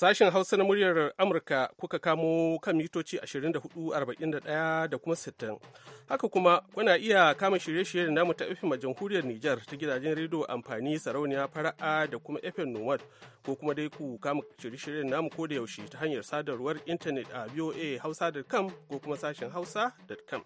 Sashen Hausa na muryar Amurka kuka kamo kan mitoci 24,41 da kuma 60. Haka kuma kuna iya kama shirye shiryen namu ta FM a jamhuriyar Nijar ta gidajen rediyo amfani sarauniya fara'a da kuma FM Nomad ko kuma dai ku kama shirye-shiryen namu ko da yaushe ta hanyar sadarwar intanet a voa hausa.com ko kuma sashen hausa.com.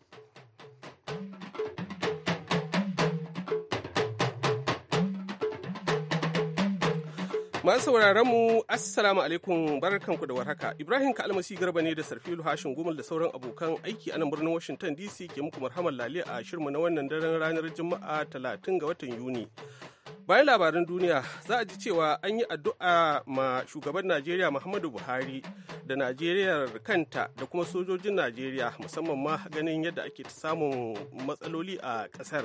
Masu sauraron mu Assalamu alaikum ku da warhaka. Ibrahim Kalmasi Garba ne da Sarfilu Hashin Gumul da sauran abokan aiki a nan birnin Washington DC ke muku marhamar lale a shirmu na wannan daren ranar Juma'a talatin ga watan Yuni. Bayan labaran duniya za a ji cewa an yi addu'a ma shugaban Najeriya Muhammadu Buhari da Najeriya kanta da kuma sojojin Najeriya musamman ma ganin yadda ake samun matsaloli a ƙasar.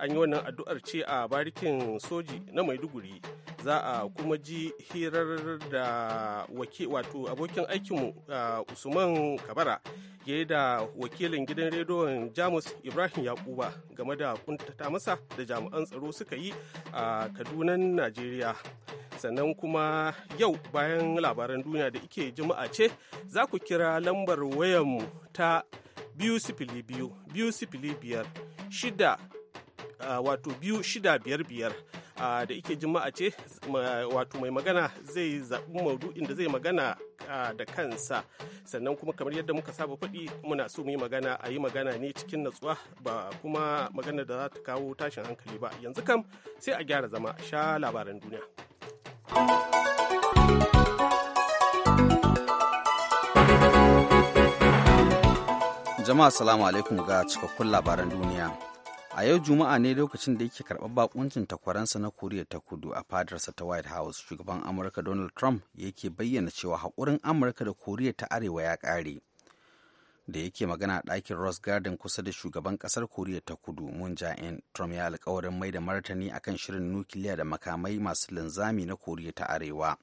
An yi wannan addu'ar ce a barikin soji na Maiduguri. za a kuma ji hirar da wato abokin aikinmu usman kabara ya da wakilin gidan rediyon jamus ibrahim yakuba game da kuntata masa da jami'an tsaro suka yi a kadunan najeriya sannan kuma yau bayan labaran duniya da ike juma'a ce za ku kira lambar wayanmu ta biyu sifili biyu biyu sifili biyar shida wato biyu shida biyar biyar da ike jima'a ce wato mai magana zai zaɓi maudu'in da zai magana da kansa sannan kuma kamar yadda muka saba faɗi muna so mu yi magana a yi magana ne cikin natsuwa ba kuma magana da za ta kawo tashin hankali ba yanzu kam sai a gyara zama sha labaran duniya. Jama'a salamu alaikum ga cikakkun labaran duniya. a yau juma'a ne lokacin da yake karɓar bakuncin takwaransa na koriya ta kudu a fadarsa ta white house shugaban amurka donald trump yake bayyana cewa haƙurin amurka da koriya ta arewa ya ƙare da yake magana a ɗakin ross garden kusa da shugaban ƙasar koriya ta kudu moon jae trump ya alkawarin mai da martani akan shirin nukiliya da makamai masu linzami na koriya ta arewa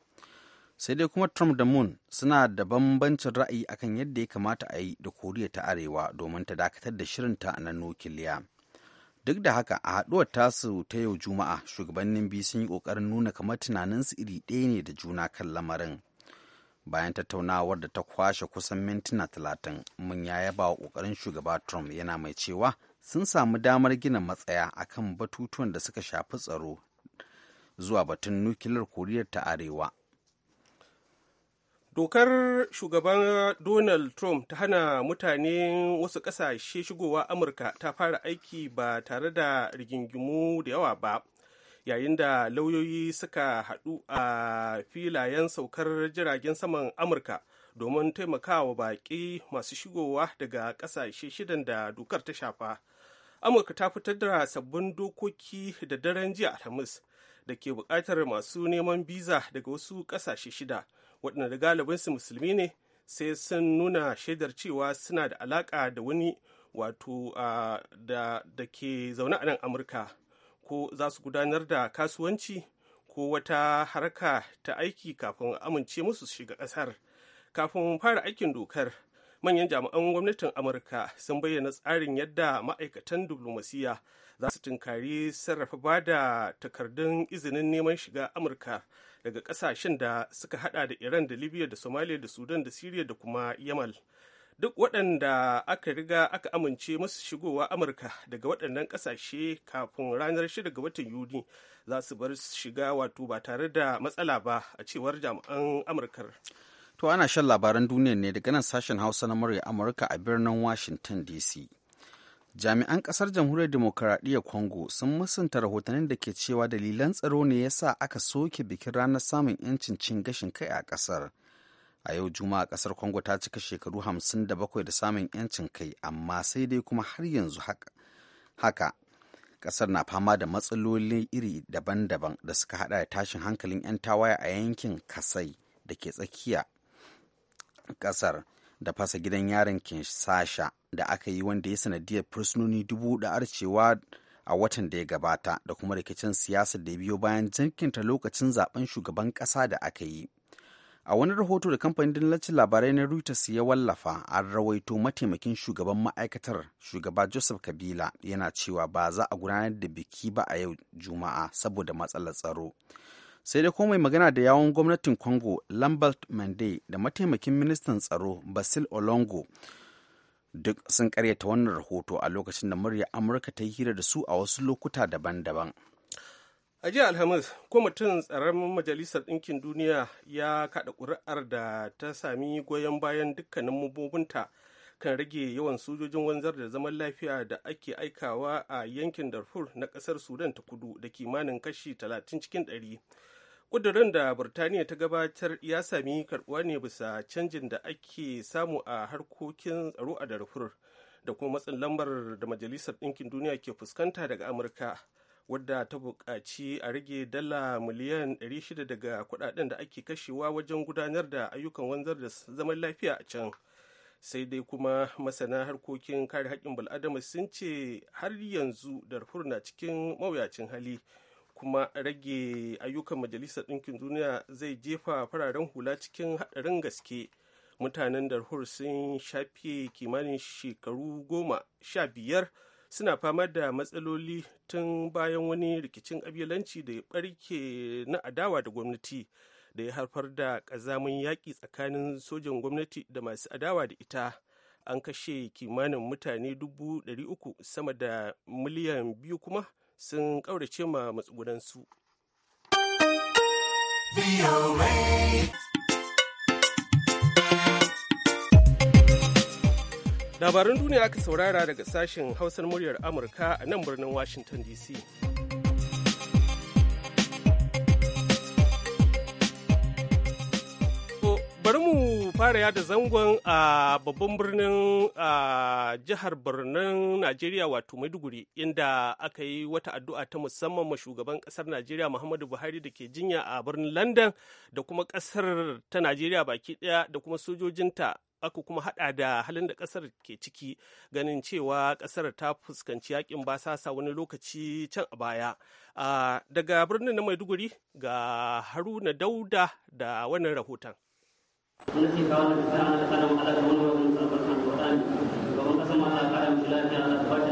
sai dai kuma trump da moon suna da bambancin ra'ayi akan yadda ya kamata a yi da koriya ta arewa domin ta dakatar da shirinta na nukiliya duk da haka a haɗuwar tasu ta yau juma'a shugabannin biyu sun yi ƙoƙarin nuna kamar tunaninsu iri ɗaya ne da juna kan lamarin bayan tattaunawar da ta kwashe kusan mintuna talatin mun ya yaba wa ƙoƙarin shugaba trump yana mai cewa sun samu damar gina matsaya akan batutuwan da suka shafi tsaro zuwa batun nukiliyar koriya ta arewa dokar shugaban donald trump ta hana mutane wasu ƙasashe shigowa amurka ta fara aiki ba tare da rigingimu da yawa ba yayin da lauyoyi suka haɗu a filayen saukar jiragen saman amurka domin taimakawa baƙi masu shigowa daga ƙasashe shidan da dokar ta shafa amurka ta fitar da sabbin dokoki da daren jiya alhamis da ke buƙatar masu neman biza daga wasu ƙasashe shida waɗanda galibinsu musulmi ne sai sun nuna shaidar cewa suna da alaƙa da wani wato da ke zaune a nan amurka ko za su gudanar da kasuwanci ko wata harka ta aiki kafin amince musu shiga ƙasar kafin fara aikin dokar manyan jami'an gwamnatin amurka sun bayyana tsarin yadda ma'aikatan diplomasiya za su tunkari sarrafa ba da takardun izinin neman shiga amurka daga kasashen da suka hada da iran da libya da somalia da sudan da syria da kuma yamal duk waɗanda aka riga aka amince masu shigowa amurka daga waɗannan ƙasashe kafin ranar 6 ga watan yuni za su bar shiga wato ba tare da matsala ba a cewar jami'an amurkar To ana shan labaran duniya ne daga nan sashen Hausa na murya Amurka a birnin Washington DC. Jami'an ƙasar Jamhuriyar Demokaradiyyar Congo sun musanta rahotannin da ke cewa dalilan tsaro ne ya sa aka soke bikin ranar samun 'yancin cin gashin kai a ƙasar. A yau Juma'a ƙasar Congo ta cika shekaru hamsin da da samun 'yancin kai, amma sai dai kuma har yanzu haka kasar na fama da matsaloli iri daban-daban da suka haɗa da tashin hankalin 'yan tawaye a yankin kasai da ke tsakiya kasar da fasa gidan yaron kinsasha da aka yi wanda ya sanadiyar fursunoni dubu da arcewa a watan da ya gabata da kuma rikicin siyasar da biyo bayan jinkinta lokacin zaben shugaban kasa da aka yi. A wani rahoto da kamfanin dillacin labarai na Reuters ya wallafa an rawaito mataimakin shugaban ma'aikatar shugaba Joseph Kabila yana cewa ba za a gudanar da biki ba a yau Juma'a saboda matsalar tsaro. sai dai komai magana da yawon gwamnatin congo lambert mande da mataimakin ministan tsaro basil olongo duk sun karyata wannan rahoto a lokacin da murya amurka ta yi hira da su a wasu lokuta daban-daban a jiya alhamis kwamitin tsaron majalisar ɗinkin duniya ya kaɗa ƙuri'ar da ta sami goyon bayan dukkanin mabobinta kan rage yawan sojojin wanzar da zaman lafiya da ake aikawa a yankin darfur na ƙasar sudan ta kudu da kimanin kashi 30 cikin 100 ƙudurin da burtaniya ta gabatar ya sami karɓuwa ne bisa canjin da ake samu a harkokin tsaro a darfur da kuma matsin lambar da majalisar ɗinkin duniya ke fuskanta daga amurka wadda ta buƙaci a rage dala miliyan 600 daga kuɗaɗen da ake kashewa wajen gudanar da ayyukan wanzar da zaman lafiya a can sai dai kuma masana harkokin kare haƙƙin bal'adama sun ce har yanzu darfur na cikin mawuyacin hali kuma rage ayyukan majalisar ɗinkin duniya zai jefa fararen hula cikin haɗarin gaske mutanen darfur sun shafe kimanin shekaru goma sha biyar suna fama da matsaloli tun bayan wani rikicin ƙabilanci da ya ɓarke na adawa da gwamnati da ya haifar da ƙazamin yaƙi tsakanin sojan gwamnati da masu adawa da ita an kashe kimanin mutane dubu uku sama da miliyan biyu kuma sun ƙaurace ma matsugunansu. Labaran duniya aka saurara daga sashen hausar muryar Amurka a nan birnin Washington DC. fara yada zangon a babban birnin jihar Birnin Najeriya wato Maiduguri inda aka yi wata addu'a ta musamman ma shugaban kasar Najeriya Muhammadu Buhari da ke jinya a birnin London da kuma kasar ta Najeriya baki daya da kuma sojojinta aka kuma hada da halin da kasar ke ciki ganin cewa kasar ta fuskanci yakin basasa wani lokaci can a baya daga birnin na maiduguri ga haruna dauda da wannan rahoton ولكن كان بسرعة لقدم على المنور من صلب الحمد وطن ومن قسم على قدم خلافه على أخوات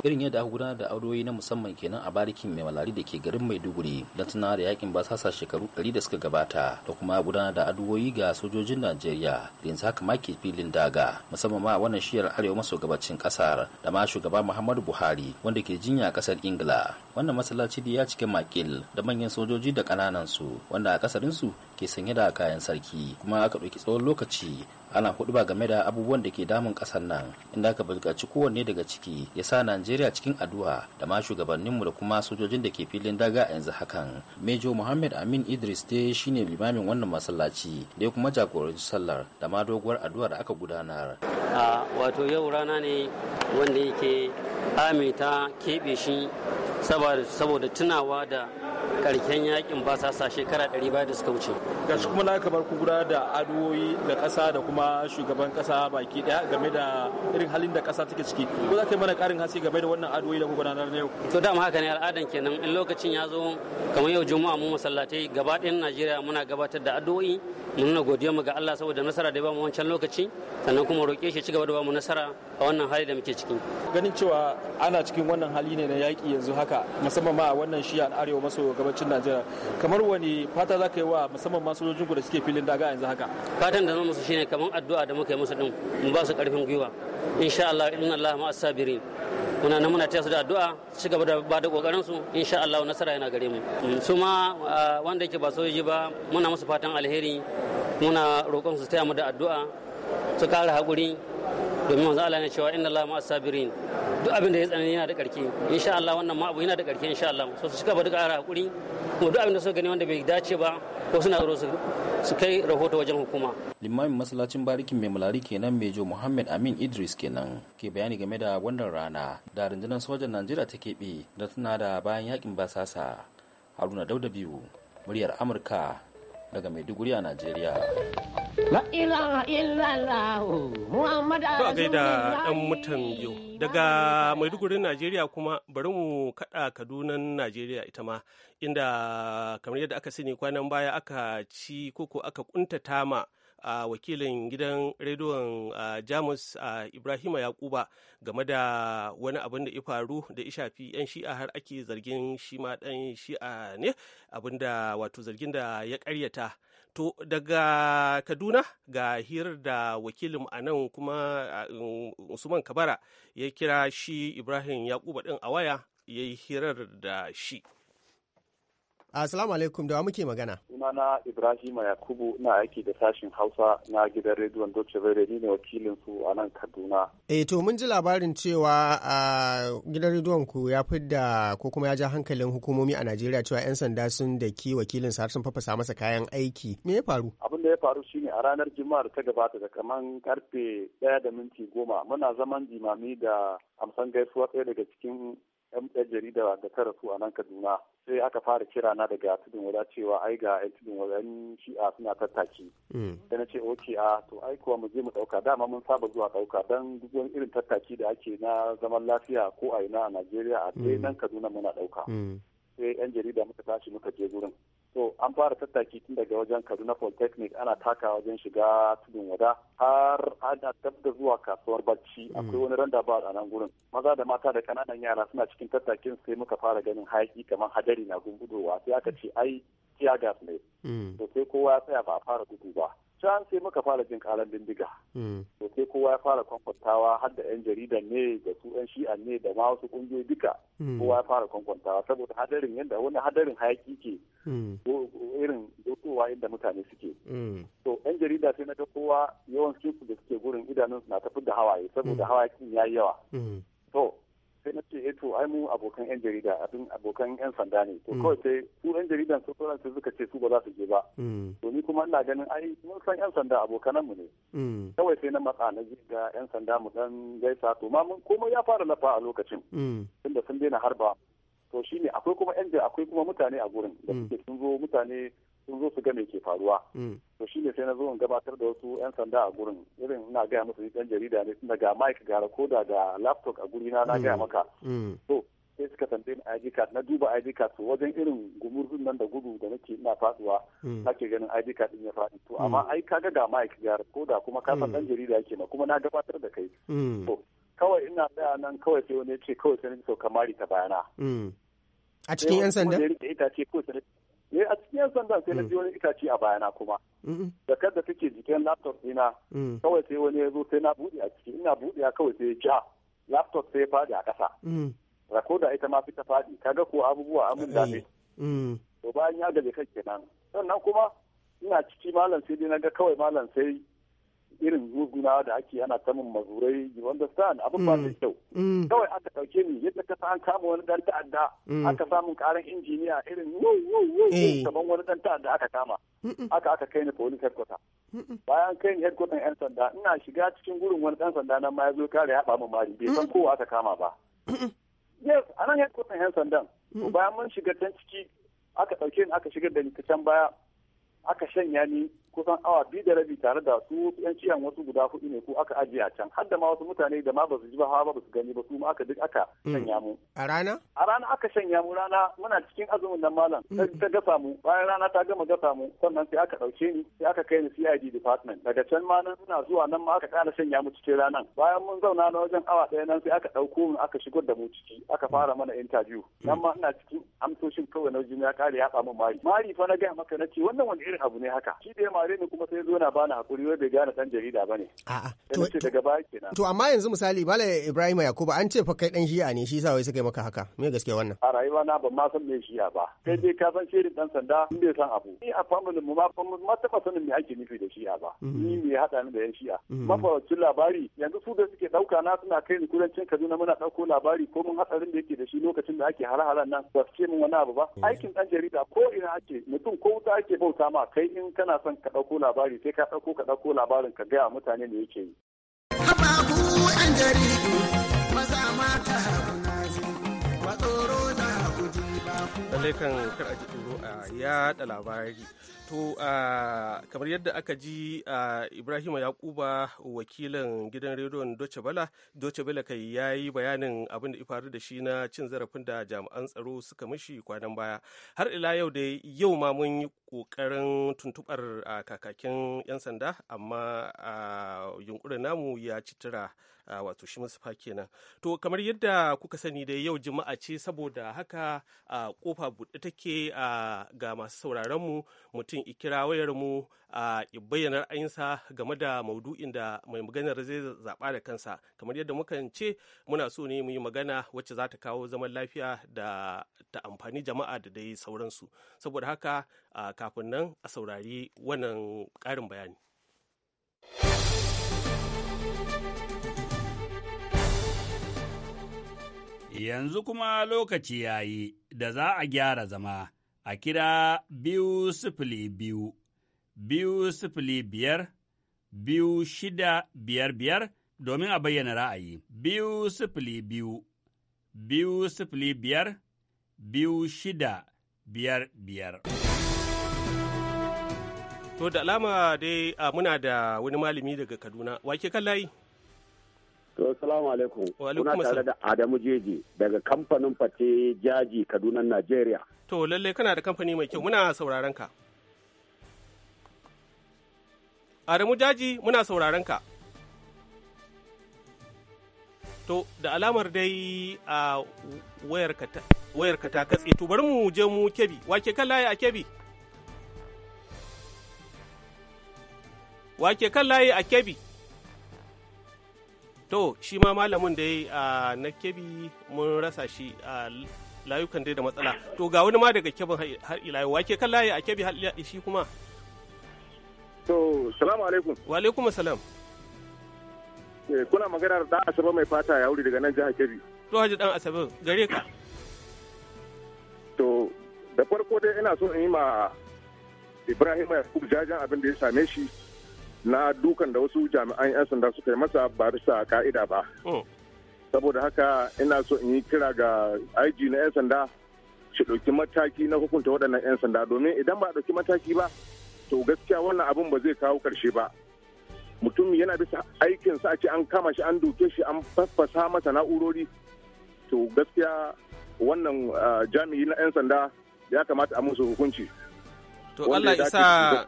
irin yadda aka gudanar da auroyi na musamman kenan a barikin mai malari da ke garin maiduguri don tuna da yakin basasa shekaru 100 da suka gabata da kuma gudanar da addu'o'i ga sojojin najeriya da yanzu haka ma ke filin daga musamman ma wannan shiyar arewa maso gabacin kasar da ma shugaba muhammadu buhari wanda ke jinya kasar ingila wannan masallaci da ya cike makil da manyan sojoji da kananan su wanda a kasarin su ke sanye da kayan sarki kuma aka ɗauki tsawon lokaci ana hudu ba game da abubuwan da ke damun kasar nan inda aka buƙaci kowanne daga ciki ya sa najeriya cikin addu'a da ma shugabanninmu da kuma sojojin da ke filin daga a yanzu hakan mejo muhammad amin idris dai shine limamin wannan masallaci da ya kuma jagoranci sallar da ma doguwar addu'a da aka gudanar a wato yau rana ne wanda yake ta keɓe shi saboda tunawa da karken yakin basasa shekara 100 da suka wuce gashi kuma na aka bar ku gudanar da addu'o'i da ƙasa da kuma kuma shugaban kasa baki daya game da irin halin da kasa take ciki ko za ka yi mana karin hasi game da wannan adoyi da kuka gudanar na yau to dama haka ne al'adan kenan in lokacin ya zo kamar yau juma'a mu masallatai gaba ɗayan najeriya muna gabatar da addu'o'i mu nuna godiya mu ga allah saboda nasara da ba mu wancan lokaci sannan kuma roƙe shi gaba da ba mu nasara a wannan hali da muke ciki ganin cewa ana cikin wannan hali ne na yaƙi yanzu haka musamman ma a wannan shiya na arewa maso gabacin najeriya kamar wani fata za ka yi wa musamman ma ku da suke filin daga yanzu haka fatan da zan musu shine kamar addu'a da muka yi musu din mu ba su karfin gwiwa insha Allah inna Allah ma asabiri muna nan muna su da addu'a ci gaba da ba da kokarin su insha Allah nasara yana gare mu su ma wanda yake ba sojoji ba muna musu fatan alheri muna roƙon su taya mu da addu'a su kara hakuri. domin manzo Allah ne cewa inna Allah ma'as sabirin duk abin da ya tsanani yana da karke insha Allah wannan ma abu yana da karke insha Allah so su cika da ara hakuri kuma duk abin da suka gani wanda bai dace ba ko suna tsoro su kai rahoto wajen hukuma limamin masallacin barikin mai mulari kenan mejo Muhammad Amin Idris kenan ke bayani game da wannan rana da rundunar sojan Najeriya ta keɓe da tana da bayan yakin basasa Haruna Dauda biyu muryar Amurka daga Maiduguri a Najeriya. La gaida dan mutan yau daga maidugurin Najeriya kuma bari mu kada Kadunan Najeriya ita ma inda kamar yadda aka sani kwanan baya aka ci koko aka kuntata ma a wakilin gidan rediyon jamus ibrahima yakuba game da wani abin da ya faru da ya shafi 'yan shi'a har ake zargin shi ma dan shi'a ne abin da wato zargin da ya karyata to daga kaduna ga hirar da wakilin a nan kuma usman kabara ya kira shi ibrahim yakuba din a waya ya yi hirar da shi Assalamu alaikum da wa muke magana. Sunana Ibrahima Yakubu na aiki da sashin Hausa na gidan rediyon Deutsche Welle ni ne wakilin su a nan Kaduna. Eh to mun ji labarin cewa a gidan rediyon ku ya fidda ko kuma ya ja hankalin hukumomi a Najeriya cewa yan sanda sun daki wakilin sa sun fafasa masa kayan aiki. Me ya faru? Abin da ya faru shine a ranar Juma'ar ta gabata da kaman karfe ɗaya da minti goma muna zaman jimami da amsan gaisuwa ɗaya daga cikin 'yan jarida da ta rasu a nan Kaduna sai aka fara kira na daga tudun wada cewa ai ga yan tudun wada yan shi'a suna tattaki da mm. na ce oke a to ai kuwa mu je mu dauka dama mun saba zuwa dauka don duk irin tattaki da ake na zaman lafiya ko a ina a Najeriya a dai mm. nan Kaduna muna dauka mm. sai yan jarida muka tashi muka je gurin to an fara tattaki tun daga wajen kaduna polytechnic ana taka wajen shiga tudun wada har ana tab zuwa kasuwar bacci hmm. akwai wani randa ba a nan gurin maza da mata da kananan yara suna cikin tattakin sai muka fara ganin hayaki kamar hadari na gungudowa sai aka ce ai tear gas ne hmm. to sai kowa ya tsaya ba a fara gudu ba can sai muka fara jin karan bindiga hmm. to sai kowa ya fara kwankwantawa har da yan jaridan ne da su yan shi'a ne da ma wasu kungiyoyi duka hmm. kowa ya fara kwankwantawa saboda hadarin yadda wani hadarin hayaki ke hmm. irin dotowa inda mutane suke to yan jarida sai na ga kowa yawan su da suke gurin idanunsu na tafi da hawaye saboda hawakin ya yi yawa to sai na ce eh to ai mu abokan yan jarida abin abokan yan sanda ne to mm. kawai sai su yan jaridan su sauran suka ce su ba za su je ba mm. to ni kuma ina ganin ai mun san yan sanda abokanan mu ne mm. kawai sai na matsa na ji ga yan sanda mu dan gaisa to ma mun komai ya fara lafa a lokacin tunda sun daina harba to shine akwai kuma yan akwai kuma mutane a gurin da suke sun zo mutane sun zo su ga me ke faruwa mm. to shi ne sai na zo in gabatar da wasu yan sanda a gurin irin ina gaya musu yi dan jarida ne tunda ga mic ga rakoda da laptop a guri na gaya mm. maka mm. to sai suka tambaye ni ID card na duba ID card to wajen irin gumurzun nan da gudu da nake ina faduwa nake ganin ID card din ya faɗi to amma ai kaga ga mic ga rakoda kuma ka san dan jarida yake ma kuma na gabatar da kai to kawai ina tsaya nan kawai sai wani ya ce kawai sai ni so kamari ta bayana a cikin yan sanda ne eh, a cikin yan sandan sai na mm. ji wani itace a bayana kuma da kadda take jikin laptop dina mm. kawai sai wani ya zo sai na buɗe a ciki ina buɗe kawai sai ja laptop sai ya fadi a kasa mm. rakoda ita ma fita fadi kaga ko abubuwa amin da ne to bayan ya gaje kai kenan sannan kuma ina ciki malam sai dai na ga kawai malam sai irin muguna da ake ana samun mazurai you understand abin ba zai mm. kyau mm. kawai aka dauke ni yadda ka an kama wani dan ta'adda mm. aka samun karin injiniya irin eh. kaman wani dan ta'adda aka kama aka aka kai ni police headquarter bayan kai ni headquarter yan sanda ina shiga cikin gurin wani dan sanda nan ma ya zo kare ya ba mu mari bai san kowa aka kama ba yes anan headquarter yan sandan bayan mun shiga can ciki aka dauke ni aka shigar da ni can baya aka shanya ni kusan awa biyu da rabi tare da su yan ciyan wasu guda hudu ne ko aka ajiye a can har da ma wasu mutane da ma su ji ba hawa ba su gani ba su ma aka duk aka mm. shanya mu a rana a rana aka shanya mu rana muna cikin azumin nan malam mm. ta gasa mu bayan rana ta gama gasa mu sannan sai aka ɗauke ni sai aka kai ni CID department daga can ma nan muna zuwa nan ma aka kara shanya mu cikin ranan bayan mun zauna na wajen awa ɗaya nan sai aka ɗauko mu aka shigar da mu ciki aka fara mana interview mm. nan ma ina cikin amsoshin kawai na jini ya kare ya mun mari mari fa na gaya maka na ce wannan wani irin abu ne haka shi mare ni kuma sai zo na bani hakuri wai bai gane dan jarida bane a'a to daga baya kenan to amma yanzu misali bala Ibrahim yakubu an ce fa kai dan shi'a ne shi yasa wai suka yi maka haka me gaskiya wannan a rayuwa na ban ma san me shi'a ba kai dai ka san shirin dan sanda in bai san abu ni a family mu ma ban ma taba sanin me ake nufi da shi'a ba mm. ni me hada ni da yan shi'a mm. mafarkin labari yanzu su da suke dauka na suna kai ni kudancin Kaduna muna dauko labari ko mun hatsarin da yake da shi lokacin da ake hare nan ba su ce min wani abu ba mm. aikin dan jarida ko ina ake mutum ko wuta ake bauta ma kai in kana son ka ka ɗauko labari sai ka ɗauko ka ɗauko labarin ka gaya mutane ne yake yi. ababu 'yan jaridu maza mata lallai kan kar a ji tsoro a yaɗa labari to kamar yadda aka ji ibrahim yakuba wakilin gidan rediyon doce bala doce bala kai ya yi bayanin abin da ya faru da shi na cin zarafin da jami'an tsaro suka mishi kwanan baya har ila yau da yau ma mun yi kokarin tuntubar kakakin yan sanda amma yunkurin namu ya ci tura wato shi musufa kenan to kamar yadda kuka sani da yau juma'a ce saboda haka a kofa buɗe take ga masu sauraron mu mutum ikira wayar mu a bayyana ra'ayinsa game da maudu'in da mai maganar zai zaɓa da kansa kamar yadda muka ce muna so ne mu yi magana wacce za ta kawo zaman lafiya da ta amfani jama'a da dai sauransu saboda haka kafin nan a saurari wannan ƙarin bayani Yanzu kuma lokaci ya yi da za a gyara zama a kira biyu sifili biyu, biyu sifili biyar, biyu shida biyar biyar domin a bayyana ra'ayi. Biyu sifili biyu, biyu sifili biyar, biyu shida biyar biyar. To da alama dai muna da wani malami daga Kaduna, wake kan layi? To, salamu alaikum. Kuna tare da Adamu Jeji daga kamfanin fate jaji Kaduna, Najeriya. To, lalle kana da kamfani mai kyau muna sauraron ka. Adamu Jaji muna sauraron ka. To, da alamar dai a wayarka ta katse, to bari mu je mu kebi, wake kan laye a kebi? Wake kan layi a kebi? to shi ma malamin da ya na kebi mun rasa shi layukan dai da matsala to ga wani ma daga kebin har ila yau wake kan layi a kebi har ila shi kuma to salamu alaikum wa alaikum salam eh, kuna magana da dan asabe mai fata ya wuri daga nan jihar kebi to haji dan asabe gare ka to da farko dai ina so in yi ma ibrahim yakub jajan abin da ya same shi na dukan da wasu jami'an 'yan sanda suka yi masa ba bisa ka'ida ba. Oh. Saboda haka ina so in yi kira ga IG na 'yan sanda shi ɗauki mataki na hukunta waɗannan 'yan sanda domin idan ba a ɗauki mataki ba to gaskiya wannan abin ba zai kawo ƙarshe ba. Mutum yana bisa aikinsa a ce an kama shi an doke shi an faffasa masa na'urori to gaskiya wannan jami'i na 'yan sanda ya kamata a musu hukunci. To Allah isa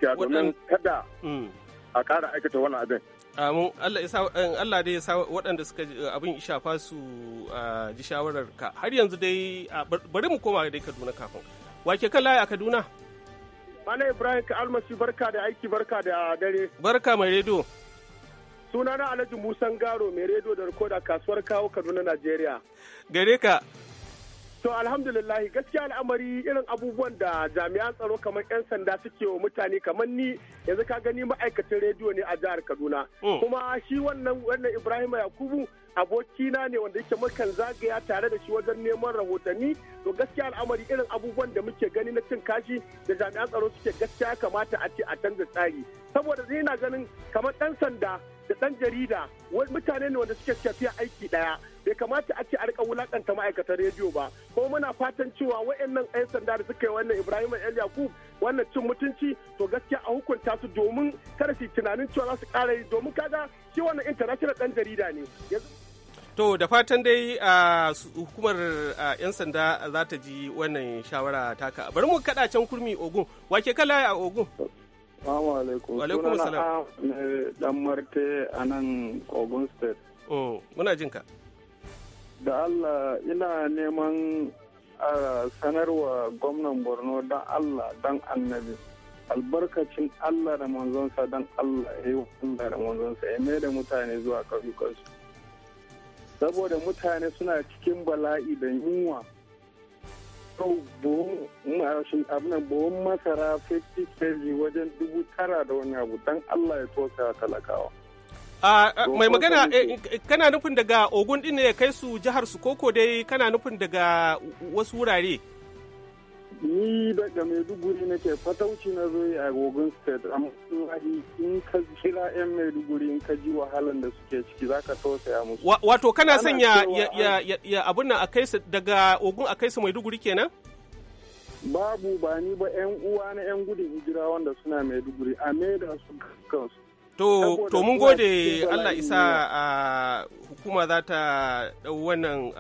kada mm. a ƙara aikata wannan abin. Amu, eh, Allah dai ya sa waɗanda suka eh, abin shafa su eh, ji shawarar ka. Har yanzu dai bari mu koma dai Kaduna kafin. Wake kan layi a Kaduna? Malam Ibrahim ka almasi barka da aiki barka da dare. Barka mai rediyo. Sunana Alhaji Musan Garo mai rediyo da rikoda kasuwar kawo Kaduna Najeriya. Gare ka. To alhamdulillah gaskiya al'amari irin abubuwan da jami'an tsaro kamar 'yan sanda suke wa mutane kamar ni yanzu ka gani ma'aikacin rediyo ne a jihar Kaduna. Oh. Kuma shi wannan wannan Ibrahim Yakubu abokina ne wanda yake mukan zagaya tare da shi wajen neman rahotanni to gaskiya al'amari irin abubuwan da muke gani na cin kashi da jami'an tsaro suke gaskiya kamata a ce a canza tsari saboda zai na ganin kamar ɗan sanda da ɗan jarida mutane ne wanda suke tafiya aiki ɗaya bai kamata a ce a rika wulakanta ma'aikatan rediyo ba ko muna fatan cewa wayannan ɗan sanda da suka yi wannan ibrahim el yakub wannan cin mutunci to gaskiya a hukunta su domin kada su tunanin cewa za su kara yi domin kaga shi wannan international ɗan jarida ne To da fatan dai hukumar 'yan sanda za ta ji wannan shawara taka. Bari mu kaɗa can kurmi Ogun. Wake kala a Ogun? Assalamu alaikum. Wa alaikum salam. Dan Marte a nan Ogun State. Oh, muna jinka. da Allah ina neman a sanarwa gwamnan Borno don Allah don annabi. albarkacin Allah da manzonsa don Allah ya eh, yi Allah da manzonsa ya mai da mutane zuwa ƙauyukansu. Saboda mutane suna cikin bala'i da yunwa. abinan buhun masara 50 kg wajen dubu tara da wani abu don Allah ya tosa talakawa. mai magana eh, kana nufin daga ogun din ne kai su jihar su koko dai kana nufin daga wasu wurare ni daga maiduguri nake fatauci na zo a ogun state amma in ka jira yan maiduguri in ka ji wahalan da suke ciki za ka tausaya musu wato kana son ya ya abun nan a kai su daga ogun a kai su maiduguri kenan babu ba ni ba yan uwa na yan gudun hijira wanda suna maiduguri a maida su kansu To, mun gode Allah isa a hukuma za ta ɗau wannan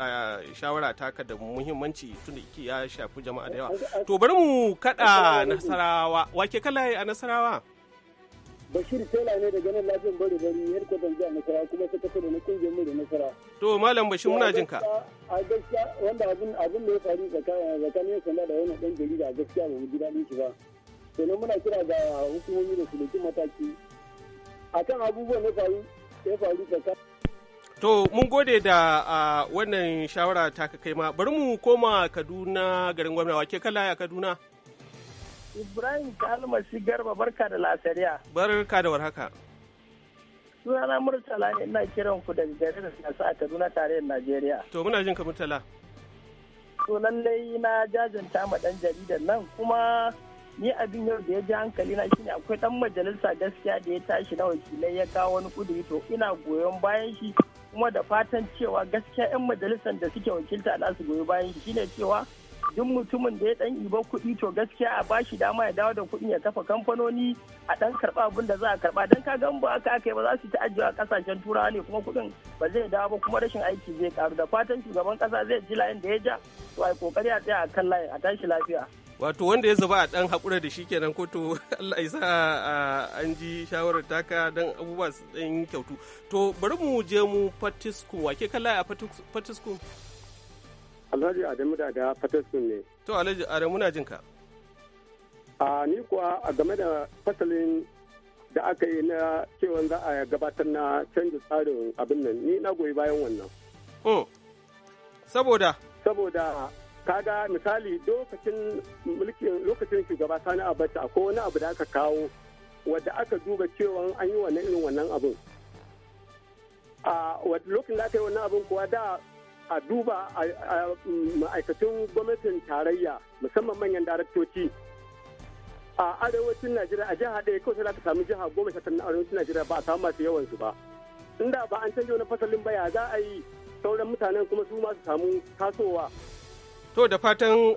shawara taka da muhimmanci tun da ya shafi jama'a da yawa. To bari mu kaɗa Nasarawa, wake kala a Nasarawa? Bashir Tela ne da ganin lafiyan bari bari har ko a nasarawa kuma suka da na kun mu da nasarawa. To malam Bashir muna jin ka. A gaskiya wanda abin abin da ya faru tsakanin sanda da wannan dan jarida a gaskiya ba mu ji daɗin shi ba. Sannan muna kira ga hukumomi da su dauki mataki akan abubuwan ya faru ya faru ka. To, mun gode da wannan shawara ta kai ma, bari mu koma Kaduna garin gwamna wake kala ya Kaduna. Ibrahim Kalmasi Garba barka da lasariya. Barka da warhaka. Sunana Murtala ne ina kiran ku daga garin siyasa a Kaduna tarayyar Najeriya. To, muna jin ka Murtala. To, lallai na jajanta ma ɗan jaridar nan kuma ni abin yau da ya ji hankali na shine akwai dan majalisa gaskiya da ya tashi na wakilai ya kawo wani kuduri to ina goyon bayan shi kuma da fatan cewa gaskiya yan majalisar da suke wakilta za su goyi bayan shi shine cewa duk mutumin da ya dan iba kuɗi to gaskiya a bashi dama ya dawo da kuɗin ya kafa kamfanoni a dan karɓa abin da za a karɓa dan ka gan ba aka aka yi ba za su ta ajiye a kasashen turawa ne kuma kuɗin ba zai dawo ba kuma rashin aiki zai karu da fatan shugaban ƙasa zai ji layin da ya ja to a kokari a tsaya a kan layin a tashi lafiya. wato wanda ya zuba a dan haƙura da shi kenan to Allah ya sa an ji shawarar taka dan abubuwa su dan kyautu to bari mu je mu fatisku wake kala a fatisku Alhaji Adamu da fatisku ne to Alhaji Adamu na jinka a ni kuwa a game da fasalin da aka yi na cewa za a gabatar na canza tsarin abin nan ni na goyi bayan wannan hmm. saboda saboda kaga misali lokacin mulkin lokacin shugaba sani abacha ko wani abu da aka kawo wadda aka duba cewa an yi wannan irin wannan abin a lokacin da aka yi wannan abin kuwa da a duba ma'aikatan gwamnatin tarayya musamman manyan daraktoci a arewacin najeriya a jiha ɗaya kawai za ka samu jiha goma sha tara arewacin najeriya ba a samu masu yawan su ba inda ba an canja wani fasalin baya, za a yi sauran mutanen kuma su ma su samu tasowa To da fatan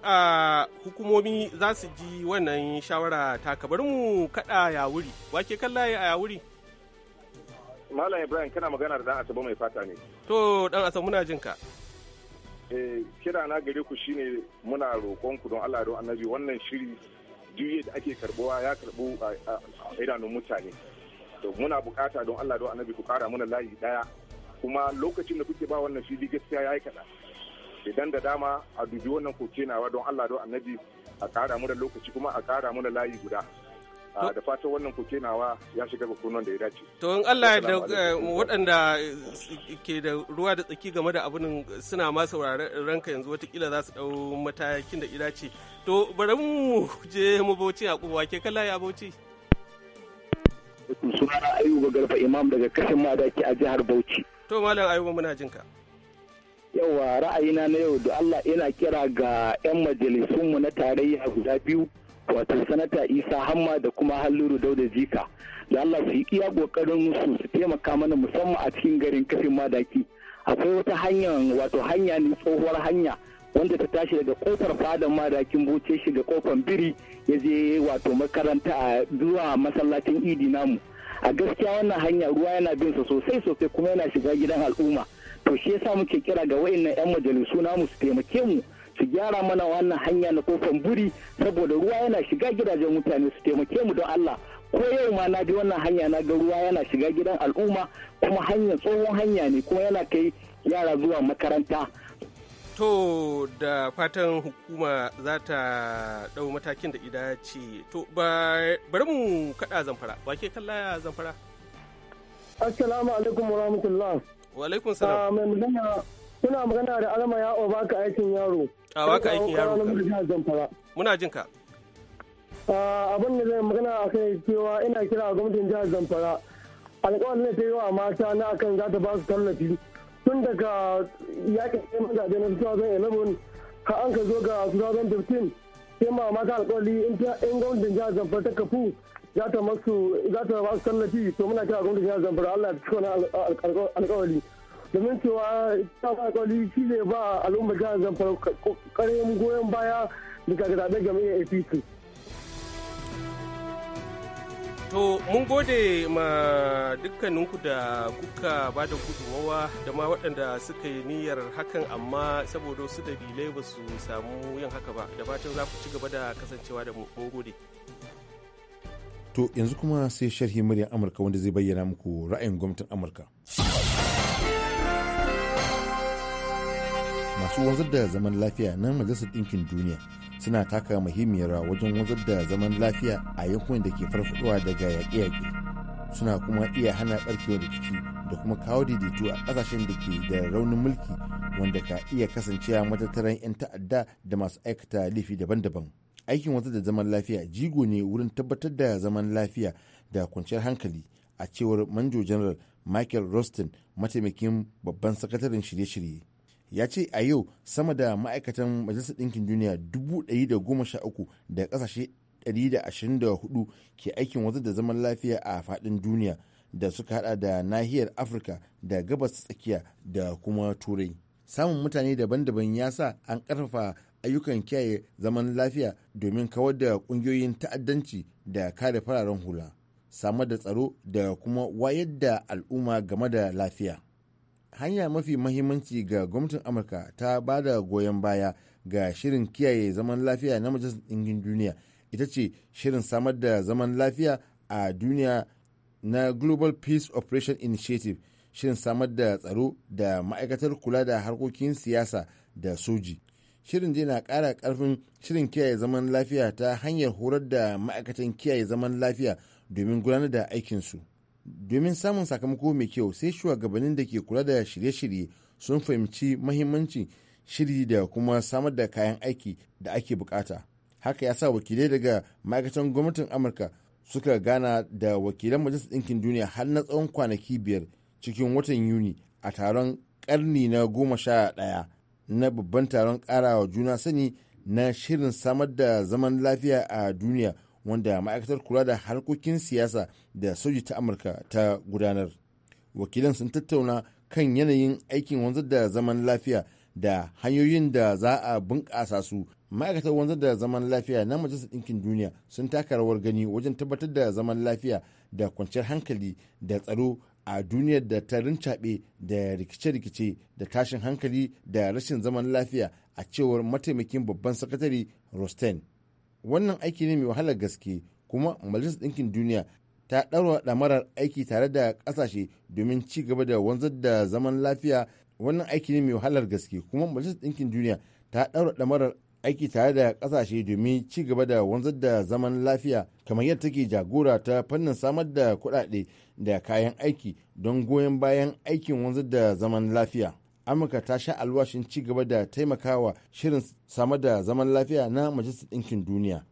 hukumomi za su ji wannan shawara ta kabar mu kaɗa wuri. Wake kallaye a ya wuri? Malam Ibrahim kana magana da ɗan mai fata ne. To ɗan Asabe muna jin ka. Eh, kira na gare ku shine muna roƙon ku don Allah don Annabi wannan shiri duk da ake karɓuwa ya karɓu a idanun mutane. To muna bukata don Allah don Annabi ku ƙara mana layi ɗaya kuma lokacin da kuke ba wannan shiri gaskiya ya yi idan da dama a dubi wannan koke nawa don Allah don annabi a kara mu da lokaci kuma a kara mu da layi guda da fatan wannan koke nawa ya shiga bakunan da ya dace to in Allah da eh, waɗanda ke da ruwa da tsaki game da abunin suna ma saurare ranka yanzu watakila za su ɗau matakin da ya to bari mu je mu bauchi a kuwa ke kala ya bauchi sunana ayuba garba imam daga kashin madaki a jihar bauchi to malam ayuba muna jinka yawa ra'ayina na yau da Allah yana kira ga 'yan majalisunmu na tarayya guda biyu wato sanata isa hamma da kuma halluru dauda jika da Allah su yi iya kokarin su su taimaka mana musamman a cikin garin kafin madaki akwai wata hanya wato hanya ne tsohuwar hanya wanda ta tashi daga kofar fadan madakin buce shi da kofar biri ya je wato makaranta a zuwa masallacin idi namu a gaskiya wannan hanya ruwa yana bin sa sosai sosai kuma yana shiga gidan al'umma to shi yasa muke kira ga wayannan yan majalisu namu su taimake mu su gyara mana wannan hanya na kofan buri saboda ruwa yana shiga gidajen mutane su taimake mu don Allah ko yau ma na bi wannan hanya na ga ruwa yana shiga gidan al'umma kuma hanya tsohon hanya ne kuma yana kai yara zuwa makaranta to da fatan hukuma za ta dau matakin da ida ce to bari mu kaɗa zamfara wake kalla zamfara assalamu alaikum rahmatullah Wa alaikum ah, salam. Mai magana muna magana da alama ya ka aikin yaro. A baka aikin yaro. Muna jin ka. Ah, abin da zai magana a kai cewa ina kira gwamnatin jihar Zamfara. Alƙawarin da ta yi wa mata na akan za ta ba su tallafi. Tun daga yakin neman zaɓe na 2011 har an ka zo ga 2015 sai ma mata alƙawari in gwamnatin jihar Zamfara ta kafu za ta masu za ta ba tallafi to muna kira gwamnati jihar Zamfara Allah ya cika wannan alƙawari domin cewa ta ba alƙawari shi ne ba al'umma ta Zamfara ƙarin goyon baya daga ga zaɓen jami'ar APC. To mun gode ma dukkaninku da kuka ba da gudunmawa da ma waɗanda suka yi niyyar hakan amma saboda su dalilai ba su samu yin haka ba da fatan za ku ci gaba da kasancewa da mu. gode. To yanzu kuma sai sharhi muryar Amurka wanda zai bayyana muku ra'ayin gwamnatin Amurka. Masu wanzar da zaman lafiya na Majalisar Ɗinkin Duniya suna taka muhimmiyar rawa wajen wanzar da zaman lafiya a yankunan da ke farfadowa daga yaƙe-yaƙe. Suna kuma iya hana ɓarkewar rikici da kuma kawo daidaito a ƙasashen da ke da raunin mulki wanda ka iya kasancewa matattaran 'yan ta'adda da masu aikata laifi daban-daban. aikin wata da zaman lafiya jigo ne wurin tabbatar da zaman lafiya da kwanciyar hankali a cewar manjo general michael rustin mataimakin babban sakataren shirye-shirye ya ce a yau sama da ma'aikatan majalisar ɗinkin duniya 113 da ƙasashe 124 ke aikin wata da zaman lafiya a faɗin duniya da suka hada da nahiyar afirka da gabas tsakiya da kuma turai samun mutane daban-daban ya sa an ƙarfafa ayyukan kiyaye zaman lafiya domin kawar da ƙungiyoyin ta'addanci da kare fararen hula samar da tsaro da kuma wayar da al'umma game da lafiya hanya mafi mahimmanci ga gwamnatin amurka ta ba da goyon baya ga shirin kiyaye zaman lafiya na majalisar ɗingin duniya ita ce shirin samar da zaman lafiya a duniya na global peace operation initiative shirin samar da tsaro da ma'aikatar kula da harkokin siyasa da soji shirin dai na kara karfin shirin kiyaye zaman lafiya ta hanyar horar da ma'aikatan kiyaye zaman lafiya domin gudanar da aikinsu domin samun sakamako mai kyau sai shugabannin da ke kula da shirye-shirye sun fahimci mahimmancin shiri da kuma samar da kayan aiki da ake bukata haka ya sa wakilai daga ma'aikatan gwamnatin amurka suka gana da wakilan majalisar ɗinkin duniya har na tsawon kwanaki biyar cikin watan yuni a taron karni na goma sha ɗaya na babban taron karawa juna sani na shirin samar da zaman lafiya a duniya wanda ma'aikatar kula da harkokin siyasa da soji ta amurka ta gudanar wakilan sun tattauna kan yanayin aikin wanzar da zaman lafiya da hanyoyin da za a bunƙasa su ma'aikatar wanzar da zaman lafiya na majalisar ɗinkin duniya sun taka rawar gani wajen tabbatar da zaman lafiya da kwanciyar hankali da tsaro a duniyar da ta rincaɓe da rikice-rikice da tashin hankali da rashin zaman lafiya a cewar mataimakin babban sakatari rosten wannan aiki ne mai wahalar gaske kuma majalisar ɗinkin duniya ta ɗaura ɗamarar aiki tare da ƙasashe domin ci gaba da wanzar da zaman lafiya wannan aiki ne mai wahalar gaske kuma majalisar ɗinkin duniya ta ɗaura ɗamarar aiki tare da kasashe domin ci gaba da wanzar da zaman lafiya kamar yadda take jagora ta fannin samar da kuɗaɗe da kayan aiki don goyon bayan aikin wanzar da zaman lafiya. Amurka ta sha alwashin ci gaba da taimakawa shirin samar da zaman lafiya na Majalisar dinkin Duniya.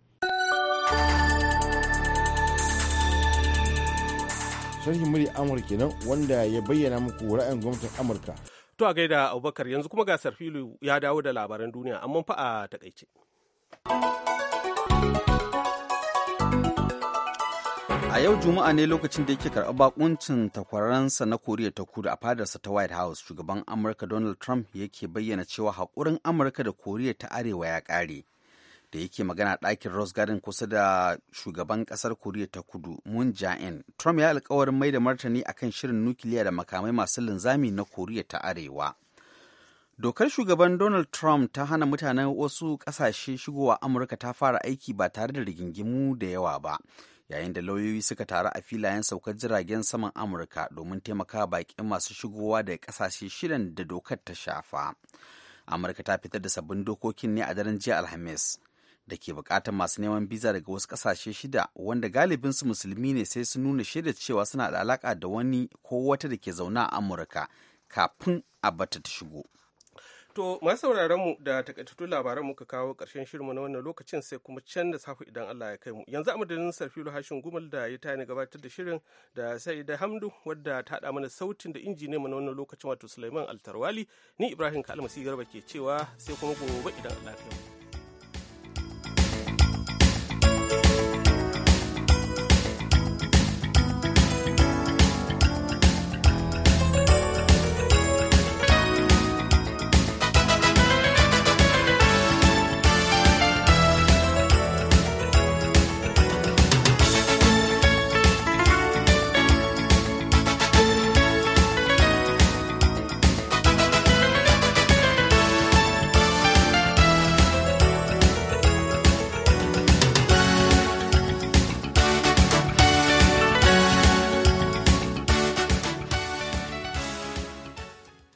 Sharhin murya Amurka nan wanda ya bayyana muku ra'ayin gwamnatin Amurka. To a gaida Abubakar yanzu kuma gasar filu ya dawo da labaran duniya amma fa a takaice. A yau Juma'a ne lokacin da yake karɓar bakuncin takwaransa na Koriya ta Kudu a fadarsa ta White House, shugaban Amurka Donald Trump yake bayyana cewa haƙurin Amurka da Koriya ta Arewa ya ƙare. Da yake magana ɗakin Rose Garden kusa da shugaban ƙasar Koriya ta Kudu Moon Jae-in, Trump ya alƙawarin mai da martani akan shirin nukiliya da makamai masu linzami na Koriya ta Arewa. Dokar shugaban Donald Trump ta hana mutanen wasu ƙasashe shigowa Amurka ta fara aiki ba tare da rigingimu da yawa ba. yayin da lauyoyi suka taru a filayen saukar jiragen saman amurka domin taimaka baƙin masu shigowa da ƙasashe shirin da dokar ta shafa amurka ta fitar da sabbin dokokin ne a daren jiya alhamis da ke bukatar masu neman biza daga wasu ƙasashe shida wanda galibinsu musulmi ne sai su nuna shaida cewa suna da alaƙa da wani ko wata da ke zaune a amurka kafin a bata ta shigo To, mu da takaitattun labaran muka kawo ƙarshen shirinmu na wannan lokacin sai kuma canza da safe idan Allah ya kai mu. Yanzu a madadin Sarfilu Hashin Gumal da ya tani gabatar da shirin da sai da Hamdu wadda ta haɗa mana sautin da injiniya mu na wannan lokacin wato Sulaiman Altarwali ni Ibrahim Kalmasi Garba ke cewa sai kuma gobe idan Allah ya kai mu.